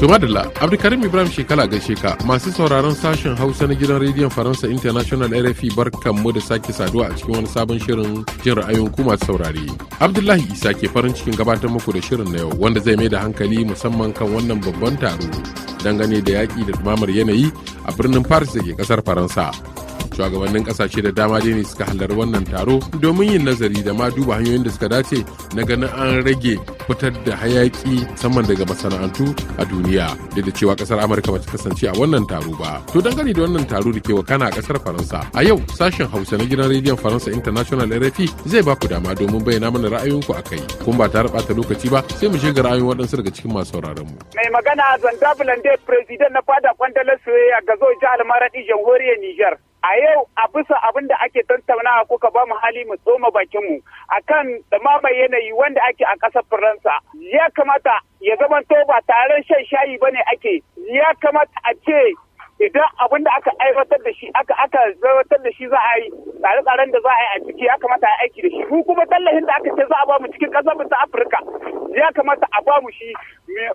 Tumadala, Abdulkarim Ibrahim Shekala gaishe Sheka masu sauraron sashen Hausa na gidan rediyon Faransa International RFI mu da sake saduwa a cikin wani sabon shirin jin ra'ayin ku masu saurare. Abdullahi Isa ke farin cikin gabatar muku da shirin na yau wanda zai mai da hankali musamman kan wannan babban taro dangane da yaƙi da dumamar yanayi a birnin Paris da ke ƙasar Faransa. shugabannin kasashe da dama dai ne suka halarci wannan taro domin yin nazari da ma duba hanyoyin da suka dace na ganin an rage fitar da hayaki saman daga masana'antu a duniya duk da cewa kasar amurka ba ta kasance a wannan taro ba to dangane da wannan taro da ke wakana a kasar faransa a yau sashen hausa na gidan rediyon faransa international rfi zai ba ku dama domin bayyana mana ra'ayoyinku a kai kun ba tare bata lokaci ba sai mu shiga ra'ayoyin waɗansu daga cikin masu sauraron mu mai magana zanda bulande president na fada kwandalar soyayya ga zo jihar maradi jamhuriyar niger a yau a bisa abin da ake tattaunawa kuka ba mu hali mu tsoma bakinmu akan da mamaye yanayi wanda ake a ƙasar yaransa ya kamata ya ba tare shan shayi bane ake ya kamata a ce idan abin da aka aiwatar da shi aka aka da shi za a yi tsare-tsaren da za a yi a ciki ya kamata a aiki da shi mu kuma tallafin da aka ce za a ba mu cikin ƙasar ta Afirka ya kamata a ba mu shi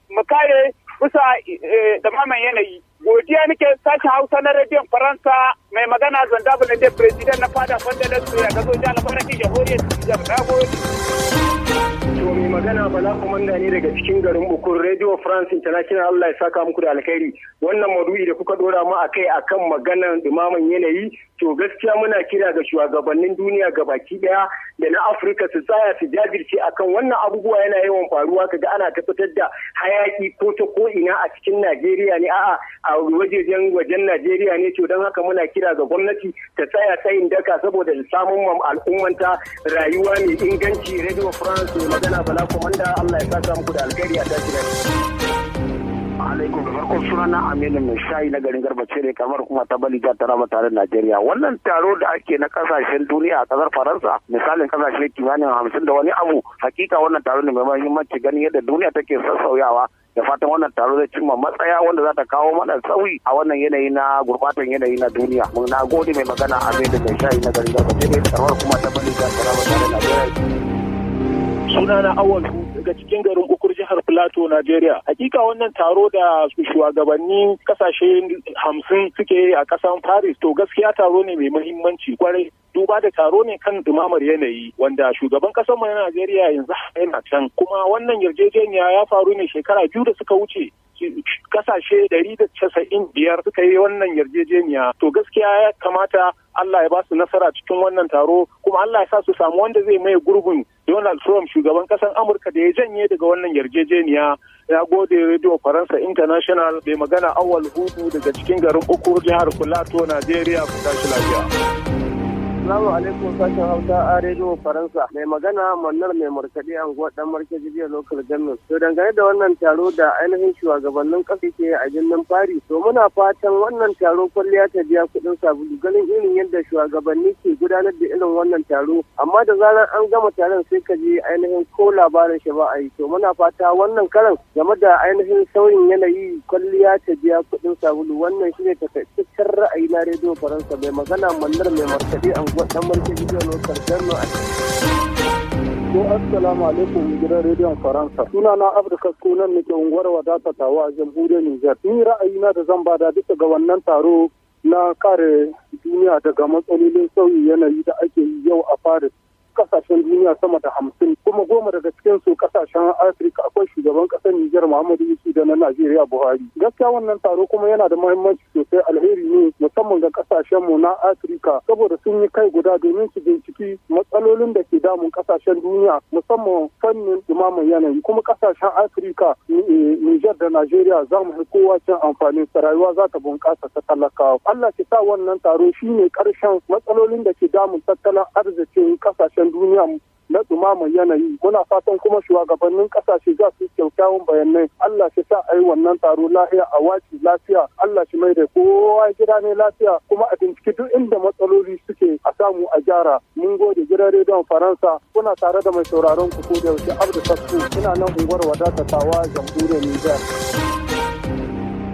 mu kare bisa damaman eh, yanayi godiya nake sashen Hausa na rediyon Faransa mai magana Zandabula da president na fada su ya gazo jihar Faransa jamhuriyar da na gode. magana bala komanda ne daga cikin garin bukur radio france international allah ya saka muku da alkhairi wannan madu'i da kuka dora mu akai akan maganar dumaman yanayi to gaskiya muna kira ga shugabannin duniya ga baki daya da na afirka su tsaya su jajirce akan wannan abubuwa yana yawan faruwa kaga ana ta da hayaki ko ta ko ina a cikin najeriya ne a'a a wajejen wajen najeriya ne to don haka muna kira ga gwamnati ta tsaya tsayin daka saboda samun al'ummanta rayuwa mai inganci radio france magana bala komanda Allah ya saka muku da alkhairi a tashi alaikum da farko sunana aminu mai shayi na garin garbace ne kamar kuma ta bali ta tare najeriya wannan taro da ake na kasashen duniya a kasar faransa misalin kasashe kimanin hamsin da wani abu hakika wannan taro ne mai mahimmanci ganin yadda duniya take sassauyawa da fatan wannan taro zai cimma matsaya wanda za ta kawo mana sauyi a wannan yanayi na gurbatan yanayi na duniya mun na mai magana aminu mai shayi na garin garbace ne kamar kuma ta bali ta tare najeriya sunana awal daga cikin garin ukur jihar plateau nigeria hakika wannan taro da shugabannin kasashe hamsin suke a kasan paris to gaskiya taro ne mai mahimmanci, kwarai duba da taro ne kan dumamar yanayi wanda shugaban kasan mu na najeriya yanzu yana can kuma wannan yarjejeniya ya faru ne shekara biyu da suka wuce kasashe ɗari da casa'in biyar suka yi wannan yarjejeniya to gaskiya ya kamata Allah ya ba su nasara cikin wannan taro kuma Allah ya sa su samu wanda zai maye gurbin Donald Trump shugaban kasan Amurka da ya janye daga wannan yarjejeniya ya gode Radio Faransa International bai magana awal hudu daga cikin garin uku jihar Kulato Najeriya ku tashi lafiya. Assalamu alaikum sashen Hausa a rediyo Faransa. Mai magana Mannar mai markaɗe anguwar ɗan markaji jiya lokal Gamin. To dangane da wannan taro da ainihin shugabannin ƙasa ke a birnin fari. To muna fatan wannan taro kwalliya ta biya kuɗin sabulu ganin irin yadda shugabanni ke gudanar da irin wannan taro. Amma da zarar an gama taron sai ka je ainihin ko labarin shi ba a yi. To muna fata wannan karan game da ainihin sauyin yanayi kwalliya ta biya kuɗin sabulu wannan shine takaitaccen ra'ayi na rediyo Faransa mai magana Mannar mai markaɗe anguwar dan mulki gidan lokar janno ko assalamu alaikum gidan rediyon faransa suna na afirka sunan nake unguwar wadata tawa a jamhuriyar niger ni ra'ayina da zan bada duka ga wannan taro na kare duniya daga matsalolin sauyi yanayi da ake yi yau a paris kasashen duniya sama da hamsin kuma goma daga cikin su kasashen afirka akwai shugaban kasar nijar muhammadu yusuf da na najeriya buhari gaskiya wannan taro kuma yana da muhimmanci sosai alheri ne musamman ga mu na Afirka saboda sun yi kai guda domin su binciki matsalolin da ke damun kasashen duniya musamman fannin dumaman yanayi kuma kasashen Afirka eh, Nijar da Najeriya za mu kowa cin amfanin sa rayuwa za ta bunƙasa ta talaka Allah ke sa wannan taro shine karshen matsalolin da ke damun tattalin arzikin kasashen duniya na dumama yanayi muna fatan kuma shugabannin kasashe za su kyakkyawan bayanai Allah shi sa ai wannan taro lahiya a waci lafiya Allah shi mai da kowa gida ne lafiya kuma a binciki duk inda matsaloli suke a samu a gyara mun gode gidan rediyon Faransa kuna tare da mai sauraron ku ko da yaushe Abdu Fasku ina nan unguwar wadata tawa jamhuriyar Nijar.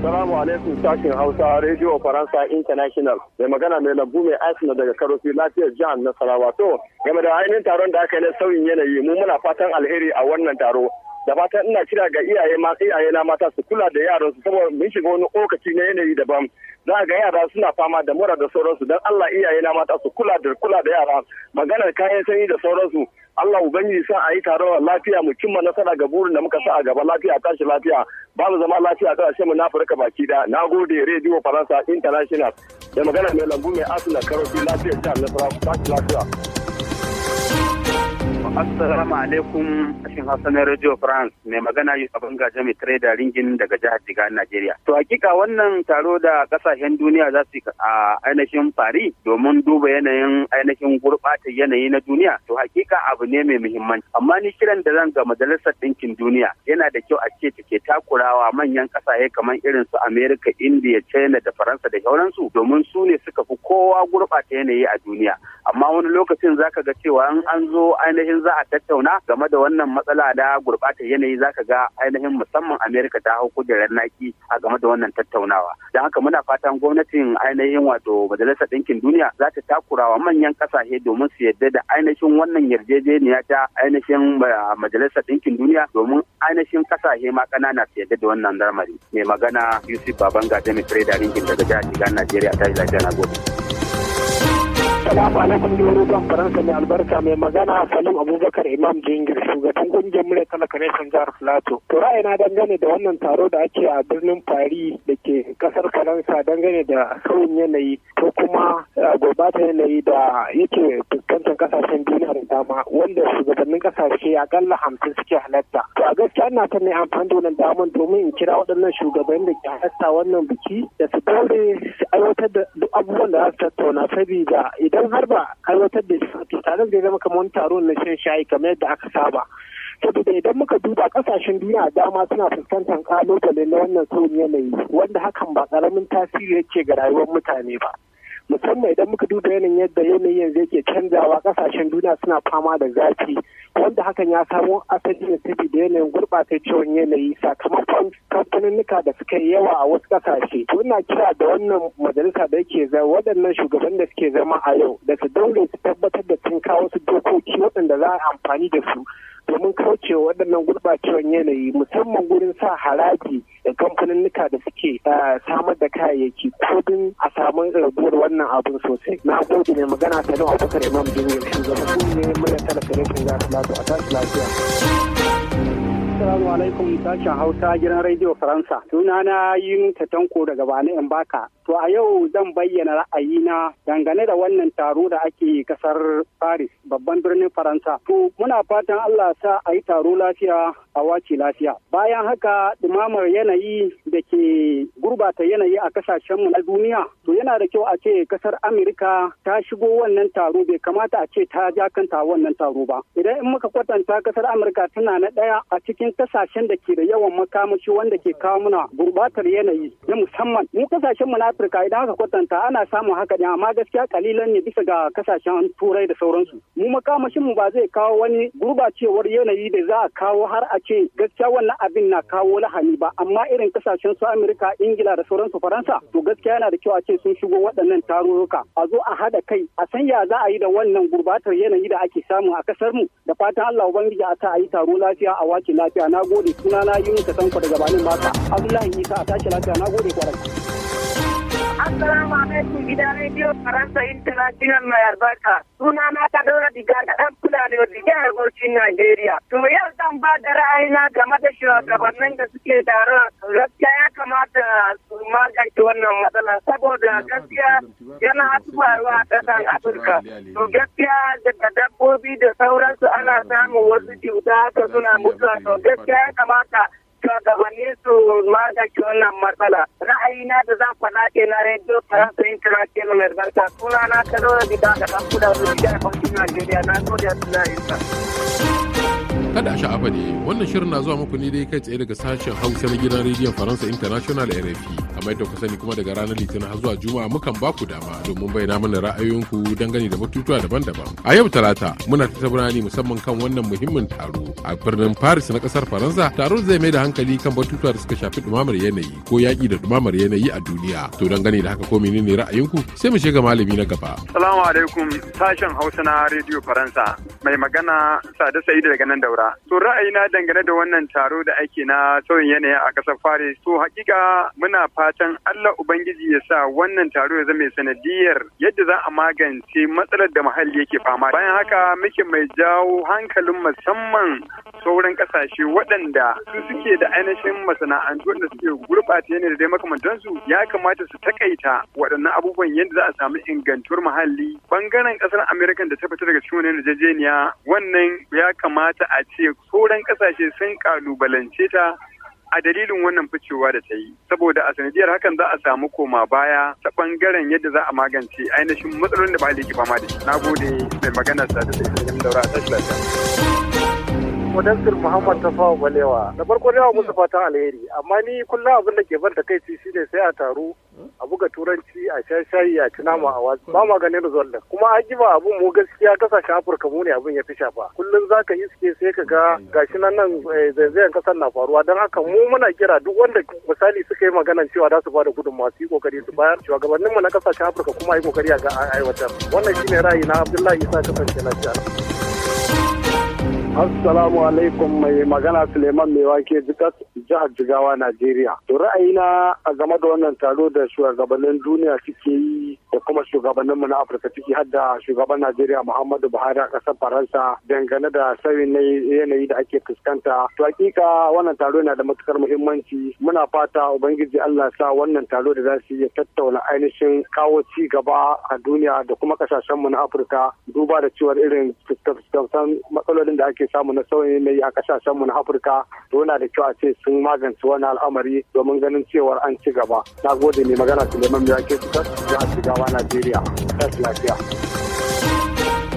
Salamu alaikum sashen Hausa Radio Faransa International. Mai magana mai lambu mai asina daga Karofi lafiyar jihar Nasarawa. To, game da ainihin taron da aka yi na sauyin yanayi mu muna fatan alheri a wannan taro. da fatan ina kira ga iyaye ma iyaye na mata su kula da yaran su saboda mun shiga wani lokaci na yanayi daban za ga yara suna fama da mura da sauransu dan Allah iyaye na mata su kula da kula da yara maganar kayan sanyi da sauransu Allah ubangiji sa a yi taron lafiya mu cimma nasara ga burin da muka sa a gaba lafiya tashi lafiya ba mu zama lafiya a ƙarshen mu na Afirka baki da na gode radio Faransa International da magana mai lambu mai asuna karofi lafiya ta nasara tashi lafiya Assalamu alaikum kashin Hassan Radio France mai magana abin Banga Jami Trader Ringin daga jihar Jigar Najeriya. To hakika wannan taro da kasashen duniya za su a ainihin fari domin duba yanayin ainihin gurɓata yanayi na duniya to hakika abu ne mai muhimmanci. Amma ni kiran da zan ga majalisar ɗinkin duniya yana da kyau a ce take takurawa manyan ƙasashe kamar irin su Amerika, India, China da Faransa da sauransu domin su ne suka fi kowa gurɓata yanayi a duniya. Amma wani lokacin zaka ga cewa an zo ainihin za a tattauna game da wannan matsala da gurbatar yanayi zaka ga ainihin musamman Amerika ta hau kujerar naki a game da wannan tattaunawa. Don haka muna fatan gwamnatin ainihin wato Majalisar Ɗinkin Duniya za ta takurawa manyan kasashe domin su yarda da ainihin wannan yarjejeniya ta ainihin eh, Majalisar Ɗinkin Duniya domin ainihin kasashe ma ƙanana su yarda da wannan lamari. Mai magana Yusuf Babanga Demi Freda Ringin daga jihar Nigeria Najeriya ta yi lafiya na gobe. Assalamu alaikum da zan faransa mai albarka mai magana a Salim Abubakar Imam Jingir shugaban kungiyar murya talakareshin jihar Filato. To ra'ayina dangane da wannan taro da ake a birnin Paris da ke kasar Faransa dangane da sauyin yanayi ko kuma eh, gurbata yanayi da yake fuskantar kasashen duniya da dama wanda shugabannin kasashe akalla hamsin suke halatta. To a gaskiya ina ta ne amfani da wannan damar domin in kira waɗannan shugabannin da ke halatta wannan biki da su dore su aiwatar da duk abubuwan da za su tattauna sabida idan idan har ba aiwatar da shi taron zai zama kamar taro na shan shayi kamar yadda aka saba saboda idan muka duba kasashen duniya dama suna fuskantar kalubale na wannan sauyin yanayi wanda hakan ba karamin tasiri yake ga rayuwar mutane ba musamman idan muka duba yanayin yadda yanayin yanzu yake canzawa kasashen duniya suna fama da zafi wanda hakan ya samo asali ne saboda yanayin gurɓataccewar yanayi sakamakon kamfaninnika da suka yi yawa a wasu kasashe muna kira da wannan majalisa da yake zama waɗannan shugaban da suke zama a yau da su daure su tabbatar da sun kawo su dokoki waɗanda za a amfani da su domin kaucewa waɗannan gurɓacewar yanayi musamman gurin sa haraji da kamfaninnika da suke eh, samar da kayayyaki ko din a samu raguwar wannan abin sosai na gode mai magana ta nan abubakar imam jami'ar shugaban ne yi talaka rashin lafiya a tashi lafiya. Assalamu alaikum sashen Hausa gidan Radio Faransa. Sunana yin tanko daga bani in baka. To a yau zan bayyana ra'ayi na dangane da wannan taro da ake kasar Paris babban birnin Faransa. To muna fatan Allah sa a yi taro lafiya a wace lafiya. Bayan haka dumamar yanayi da ke gurbata yanayi a kasashenmu na duniya. To yana da kyau a ce kasar Amerika ta shigo wannan taro bai kamata a ce ta jakanta wannan taro ba. Idan in muka kwatanta kasar Amurka tana na ɗaya a cikin kasashen da ke da yawan makamashi wanda ke kawo muna gurbatar yanayi na musamman mu kasashen mu na Afirka idan aka kwatanta ana samun haka ne amma gaskiya kalilan ne bisa ga kasashen turai da sauransu mu makamashin mu ba zai kawo wani gurbacewar yanayi da za a kawo har a ce gaskiya wannan abin na kawo lahani ba amma irin kasashen su Amerika Ingila da sauransu Faransa to gaskiya yana da kyau a ce sun shigo waɗannan tarurruka a zo a haɗa kai a san ya za a yi da wannan gurbatar yanayi da ake samu a kasar mu da fatan Allah ubangiji a ta a yi taro lafiya a wace lafiya lafiya na gode sunana san ku daga Banin Maka Abdullahi Isa a tashi lafiya na gode kwarai Assalamu alaikum gidan rediyo Faransa International mai albarka. Suna na ta daura diga da ɗan Fulani wa jihar Bauchin Najeriya. To yau zan ba da ra'ayina game da shugabannin da suke taron gaskiya ya kamata su magance wannan matsalar saboda gaskiya yana faruwa a ƙasar Afirka. To gaskiya daga dabbobi da sauransu ana samun wasu cuta haka suna mutuwa to gaskiya ya kamata shugabanni su magance wannan matsala. Ra'ayina da zan faɗa ke na rediyo Faransa International Mai Barka sunana Kano da Bita da Kamfuda Rufi da Kamfuda Najeriya na gode da suna kada a sha'afa ne wannan shirin na zuwa muku ne dai kai tsaye daga sashen hausa na gidan rediyon faransa international rfi kamar da ku sani kuma daga ranar litinin har zuwa juma'a mukan ba ku dama domin bayyana mana ra'ayoyinku dangane da batutuwa daban-daban a yau talata muna tattauna ne musamman kan wannan muhimmin taro a birnin paris na kasar faransa taro zai mai da hankali kan batutuwa da suka shafi dumamar yanayi ko yaƙi da dumamar yanayi a duniya to dangane da haka ko menene ra'ayinku sai mu shiga malami na gaba salamu alaikum sashen hausa na rediyo faransa mai magana sada sai daga nan daura ƙasa. To ra'ayina dangane da wannan taro da ake na sauyin yanayi a ƙasar faris. To hakika muna fatan Allah Ubangiji ya sa wannan taro ya zama sanadiyar yadda za a magance matsalar da muhalli yake fama. Bayan haka muke mai jawo hankalin musamman sauran ƙasashe waɗanda su suke da ainihin masana'antu da suke gurɓata yanayi da dai makamantansu ya kamata su takaita waɗannan abubuwan yadda za a samu ingantuwar muhalli. Bangaren ƙasar Amerika da ta fita daga cikin wani yarjejeniya wannan ya kamata a ce sauran kasashe sun kalubalance ta a dalilin wannan ficewa da ta yi saboda a sanadiyar hakan za a samu koma baya ta bangaren yadda za a magance ainihin matsalolin da ba da ke fama da shi na gode mai magana sa da daura a tashi lafiya Mudassir Muhammad Tafawa Balewa. Da farko yawa musu fatan alheri, amma ni kullum abin da ke ban da kai shine sai a taru a buga turanci a sha shayi a tuna ma a ba ma ganin result da. Kuma an ba abin mu gaskiya kasashen Afirka mu ne abin ya fi shafa. Kullum za ka iske sai ka ga gashi nan nan eh, zaizayen kasar na faruwa don haka mu muna kira duk wanda misali suka yi maganan cewa za su da gudunmawa su yi kokari su bayar shugabanninmu na kasashen Afirka kuma yi kokari a aiwatar. Wannan shine ra'ayi na Abdullahi Isa kasance jihar. Assalamu alaikum mai magana Suleiman wake Jikas jihar Jigawa Najeriya. To ra'ayina a game da wannan taro da shugabannin duniya suke yi da kuma mu na afirka ciki har da shugaban najeriya muhammadu buhari a ƙasar faransa dangane da sauyin yanayi da ake fuskanta to hakika wannan taro yana da matukar muhimmanci muna fata ubangiji allah sa wannan taro da za su iya tattauna ainihin kawo ci gaba a duniya da kuma kasashen mu na afirka duba da cewar irin fuskantar matsalolin da ake samu na sauyin yanayi a mu na afirka to yana da kyau a ce sun magance wani al'amari domin ganin cewar an ci gaba na gode ne magana suleiman biyake su ci jihar 换了几辆，还是那辆。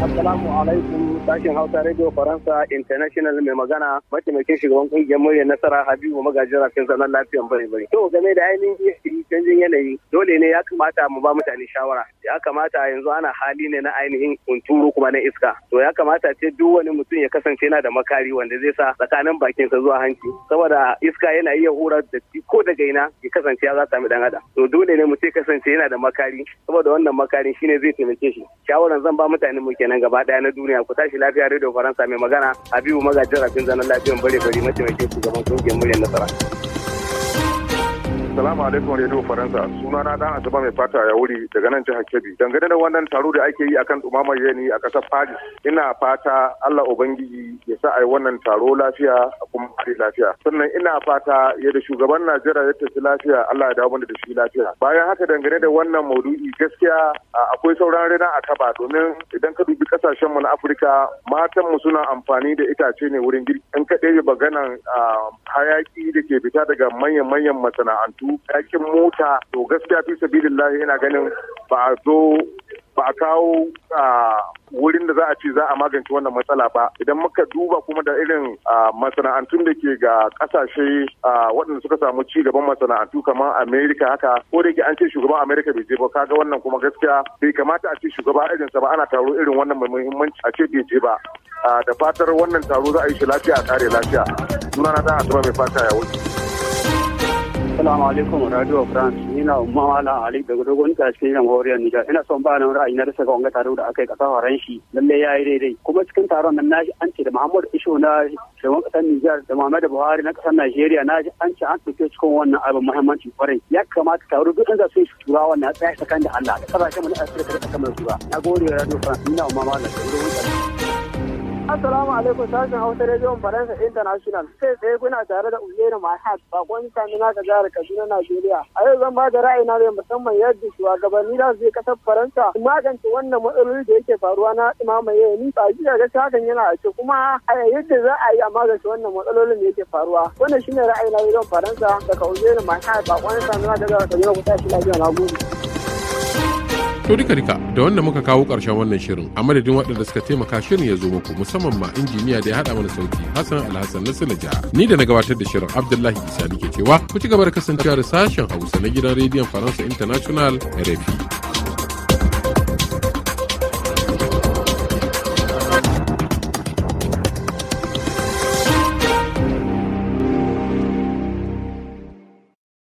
Assalamu alaikum sashen Hausa Radio Faransa International mai magana mataimakin shugaban kungiyar murya nasara Habibu magajin rafin zanen lafiyan bari bari. To game da ainihin canjin yanayi dole ne ya kamata mu ba mutane shawara. Ya kamata yanzu ana hali ne na ainihin kunturu kuma na iska. To ya kamata ce duk wani mutum ya kasance yana da makari wanda zai sa tsakanin bakinsa zuwa hanci. Saboda iska yana iya hura da ko daga ina ya kasance ya za sami dan adam. To dole ne mutum ya kasance yana da makari saboda wannan makarin shine zai taimake shi. Shawaran zan ba mutane mu kenan gaba daya na duniya ku tashi lafiya radio faransa mai magana habibu magajin rafin zanen lafiyan bare bare mataimakin shugaban kungiyar muryar nasara. Assalamu alaikum Radio Faransa. Suna na dan Atuba mai fata ya wuri daga nan jihar Kebbi. Dangane da wannan taro da ake yi akan dumamar yani a ƙasar Paris, ina fata Allah Ubangiji ya sa a wannan taro lafiya a kuma hari lafiya. Sannan ina fata yadda shugaban Najeriya ya tafi lafiya Allah ya dawo mana da shi lafiya. Bayan haka dangane da wannan maudu'i gaskiya akwai sauran rana a kaba domin idan ka dubi kasashen mu na Afirka matan mu suna amfani da itace ne wurin girki. In ka ɗebe maganan hayaki da ke fita daga manyan manyan masana'antu yakin mota to gaskiya fi lahi yana ganin ba a zo ba a kawo wurin da za a ce za a magance wannan matsala ba idan muka duba kuma da irin masana'antun da ke ga kasashe waɗanda suka samu ci gaban masana'antu kamar Amerika haka ko da yake an ce shugaban Amerika bai je ba kaga wannan kuma gaskiya bai kamata a ce shugaba irinsa ba ana taro irin wannan mai muhimmanci a ce bai je ba da fatar wannan taro za a yi shi lafiya a kare lafiya sunana da a mai fata ya wuce Salamu alaikum Radio France ni na umma malam Ali daga dogon tashin jamhuriyar Nijar ina son ba nan ra'ayi na da saka wanga taro da aka yi kasa horon shi lalle yayi daidai kuma cikin taron nan naji an ce da Muhammad Isho na shugaban kasar Nijar da Muhammad Buhari na kasar Najeriya naji an ce an tuke cikin wannan abin muhimmanci kwarai ya kamata taro duk inda sun shi tura wannan tsaya tsakanin da Allah da kasashen mu na Afirka da kasar zuwa na gode Radio France ni na umma wala daga dogon tashin Assalamu alaikum sashen Hausa Rediyon Faransa International. sai tsaye kuna tare da Uzeri Mahat, bakon Kamina ta jihar Kaduna, Najeriya. A yau zan ba da ra'ayina ne musamman yadda shugabanni da su je kasar Faransa magance wannan matsaloli da yake faruwa na imama yayani. Ba ji da hakan yana a ce kuma a yadda za a yi a magance wannan matsalolin da yake faruwa. Wannan shine ra'ayina Rediyon Faransa daga Uzeri Mahat, bakon Kamina ta jihar Kaduna, ku tashi lafiya na guri. To duka duka da wannan muka kawo karshen wannan shirin a madadin waɗanda suka taimaka shirin ya zo muku musamman ma injiniya da ya haɗa mana sauti Hassan Alhassan na Sinaja. Ni da na gabatar da shirin Abdullahi Isa nake cewa ku ci gaba da kasancewa da sashen Hausa na gidan rediyon Faransa International RFI.